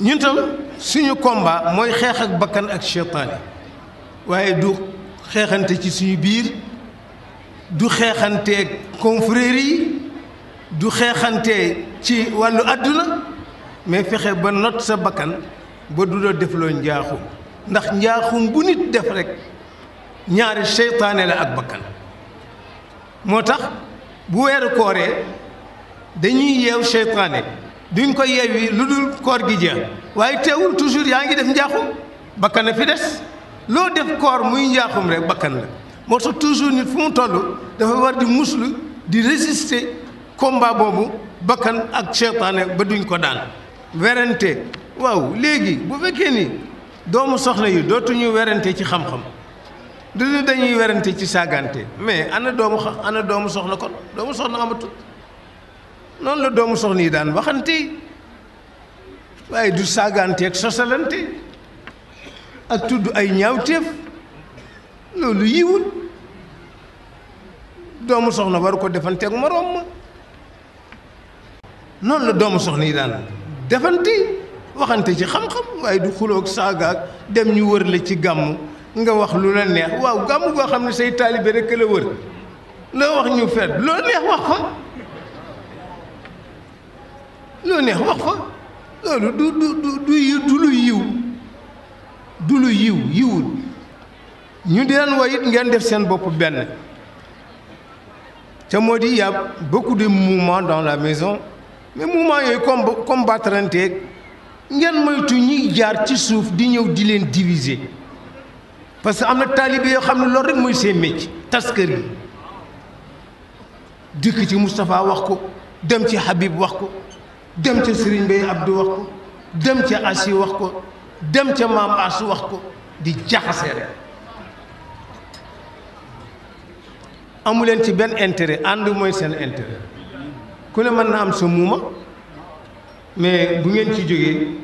ñun suñu komba mooy xeex ak bakkan ak seytaane waaye du xeexante ci suñu biir du xeexanteeg confrérie du xeexante ci wàllu àdduna mais fexe ba nott sa bakkan ba du la defloo njaaxum ndax njaaxum bu nit def rekk ñaari seytaane la ak bakkan moo tax bu weeru kooree dañuy yeew seytaane duñ ko yewwi lu dul koor gi jeex waaye teewul toujours yaa ngi def njaaxum bakkan a fi des loo def koor muy njaaxum rek bakkan la moo tax toujours nit fu mu toll dafa war di muslu di résister combat boobu bakkan ak seytaane ba duñ ko daan werante waaw léegi bu fekkee ni doomu soxna yi dootuñu werante ci xam-xam du dañuy werante ci saagante mais ana doomu ana doomu soxna kon doomu soxna amatul noonu la doomu soxna yi daan waxante waaye du saagaanteeg sosalante ak tudd ay ñaawteef loolu yiwul doomu soxna war ko defanteeg moroom ma noonu la doomu soxna yi daan defante waxante ci xam-xam waaye du xuloog saagaag dem ñu wër la ci gàmm nga wax lu la neex waaw gàmm goo xam ne say taalibe rekk la wër loo wax ñu fet loo neex wax ko loo neex wax fa du du du du lu yiw du lu yiw yiwul ñu di leen woy it ngeen def seen bopp benn ca moo di y a beaucoup de mouvements dans la maison mais mouvement yooyu comb combattanteeg ngeen moytu ñuy jaar ci suuf di ñëw di leen diviser parce que am na taalibe yoo xam ne loolu rek mooy seen métier tas kër dikk ci Moustapha wax ko dem ci Habib wax ko dem ca Serigne Baye Abdou wax ko dem ca Asi wax ko dem ca maam As wax ko di jaxase rek amu leen ci benn intérêt ànd mooy seen intérêt ku ne mën na am sa muuma mais bu ngeen ci jógee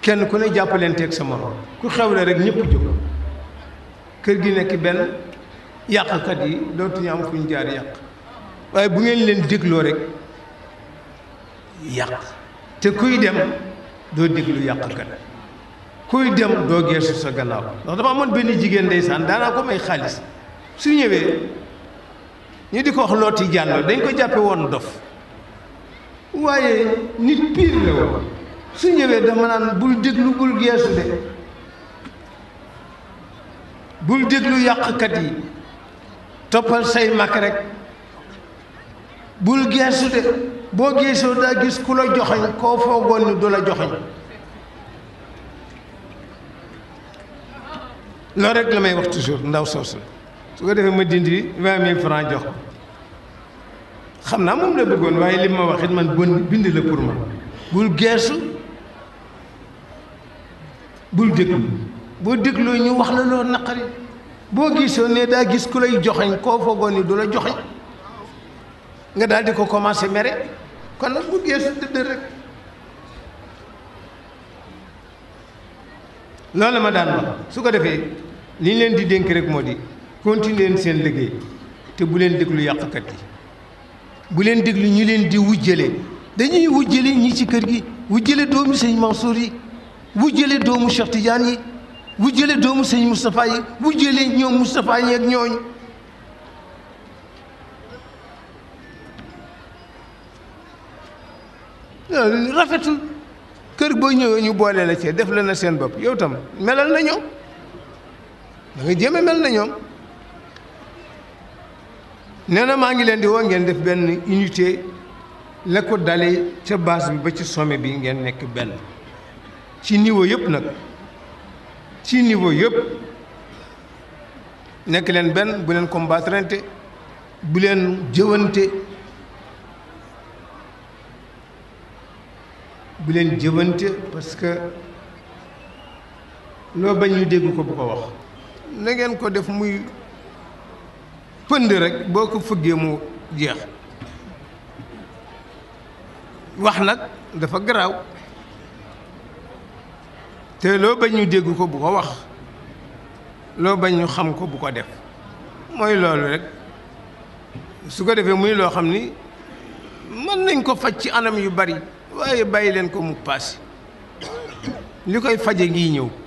kenn ku ne jàppalanteeg sa morom ku xewle rek ñëpp jóg kër gi nekk benn yàqkat yi dootuñu am fu ñu jaar yàq waaye bu ngeen leen dégloo rek. yàq te kuy dem doo déglu yàqkat kuy dem doo geesu sa gannaaw ndax dama amoon benn jigéen ndeysaan daanaa ko may xaalis su ñëwee ñu di ko wax looti jàllo dañ ko jàppe woon dof waaye nit piir la su ñëwee dama naan bul déglu bul geesu de bul déglu yàqkat yi toppal say mag rek bul geesu de boo gisoo daa gis ku la joxoñ koo foogoon ni du la joxoñ loolu rek la ndaw soosu su ko defee ma dindi vingt jox xam naa moom la bëggoon waaye li ma waxit man bon bind la pour ma bul bul déglu dégloo ñu wax la loo naqari boo gisoo daa gis ku lay joxeñ koo foogoon ni du la joxeñ nga daal di ko commencé mere kon nag bu geesu tëdd rek loolu ma daan wax su ko defee li leen di dénk rek moo di continuer seen liggéey te bu leen déglu yàqkat yi bu leen déglu ñu leen di wujjale dañuy wujjale ñii ci kër gi wujjale doomu sëñ Mansour yi wujjale doomu Cheikh Tidiane yi wujjale doomu sëñ Moustapha yi wujjale ñoom Moustapha yi ñooñu rafetul kër boo ñëwee ñu boole la ci def la na seen bopp yow tam melal na ñoom da nga jéem na ñoom nee maa ngi leen di woo ngeen def benn unité la ko dalee ca base bi ba ca sommet bi ngeen nekk benn ci niveau yëpp nag ci niveau yépp nekk leen benn bu leen combattrante bu leen jëwante bu leen jëwante parce que loo bañ ñu dégg ko bu ko wax na ngeen ko def muy pënd rek boo ko fëggee mu jeex wax nag dafa garaaw te loo bañ ñu dégg ko bu ko wax loo bañ ñu xam ko bu ko def mooy loolu rek su ko defee muy loo xam ni mën nañ ko faj ci anam yu bari waaye bàyyi leen ko mu paase li koy faje ngi ñëw